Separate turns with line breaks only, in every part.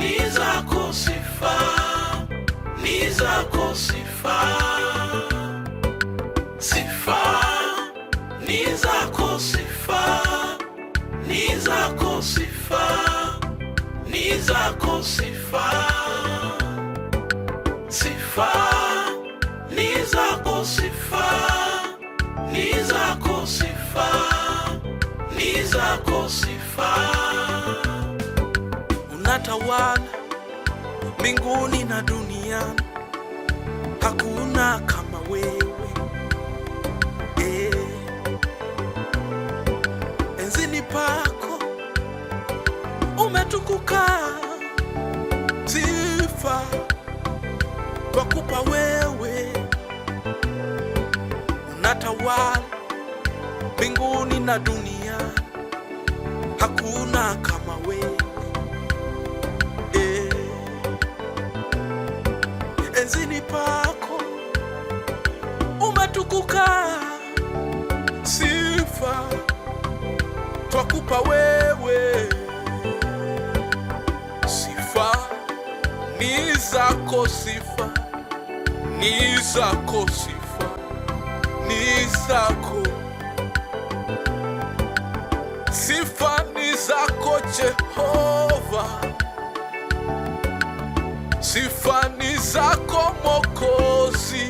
ni zako sifa, ni zako sifa, sifa ni zako sifa, ni zako sifa, ni zako sifa, sifa ni zako sifa, ni zako sifa, ni zako sifa anatawala mbinguni na duniani, hakuna kama wewe eh. Enzini pako umetukuka, sifa twakupa wewe, unatawala mbinguni na duniani, hakuna kama Penzini pako umetukuka, sifa twakupa wewe, sifa ni zako, sifa ni zako, sifa ni zako, sifa ni zako Jehova, sifa ni zako Mokozi,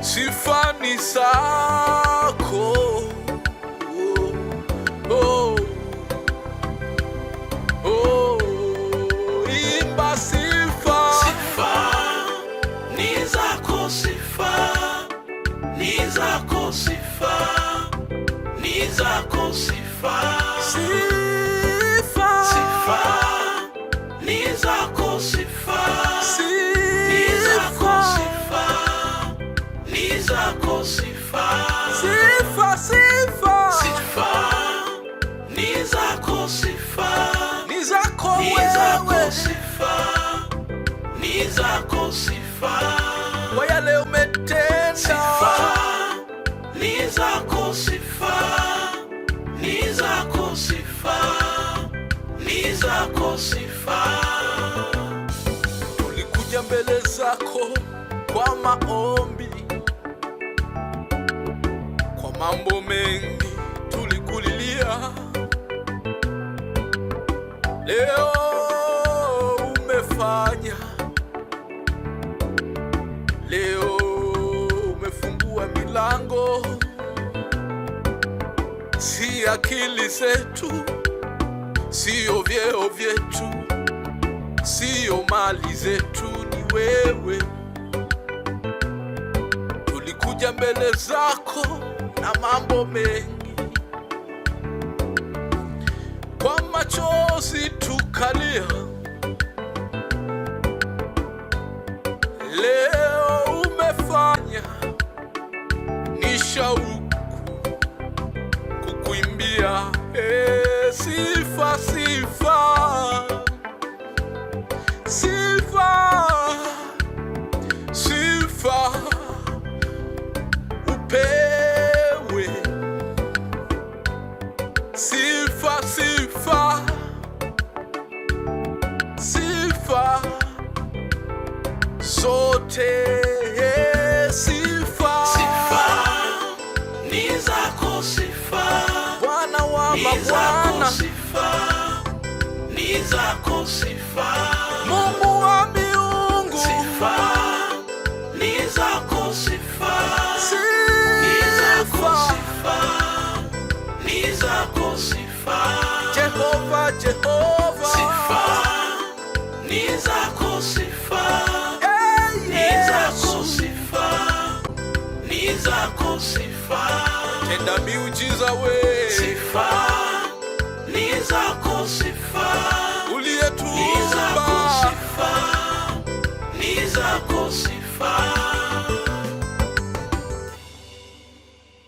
sifa ni zako oh, oh, oh, imba sifa,
sifa ni zako, sifa ni zako, sifa ni zako, sifa, sifa. sifa. Sifa ni zako, sifa
ni zako wewe,
sifa ni zako, sifa
kwa yale umetenda,
sifa ni zako, sifa ni zako, sifa ni zako, sifa
tulikuja mbele zako kwa maombi mambo mengi tulikulilia, leo umefanya, leo umefungua milango, si akili zetu, siyo vyeo vyetu, siyo mali zetu, ni wewe. Tulikuja mbele zako na mambo mengi, kwa machozi tukalia Sifa, sifa, sifa zote, sifa,
sifa ni zako, sifa
Bwana wa mabwana,
sifa ni zako, sifa
Mungu away.